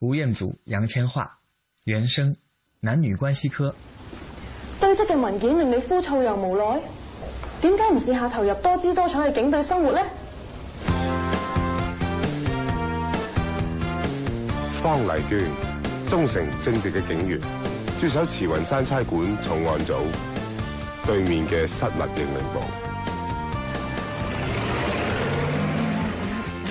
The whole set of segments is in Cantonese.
吳彥祖、楊千嬅，原聲，男女關係科。堆積嘅文件令你枯燥又無奈，點解唔試下投入多姿多彩嘅警隊生活咧？方麗娟，忠誠正直嘅警員，駐守慈雲山差館重案組對面嘅失物認領部。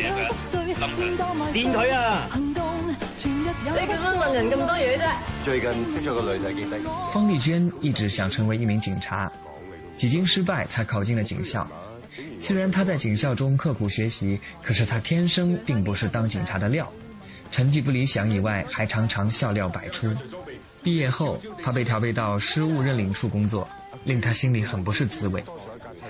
你咁樣問人咁多嘢啫。最近識咗個女仔方麗娟，一直想成為一名警察，幾經失敗才考進了警校。雖然她在警校中刻苦學習，可是她天生並不是當警察的料，成績不理想以外，還常常笑料百出。畢業後，她被調配到失物認領處工作，令她心裏很不是滋味。